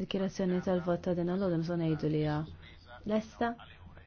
dikirazzjoni tal-vot ta' din l-għodim sonajdu li għa. Lesta?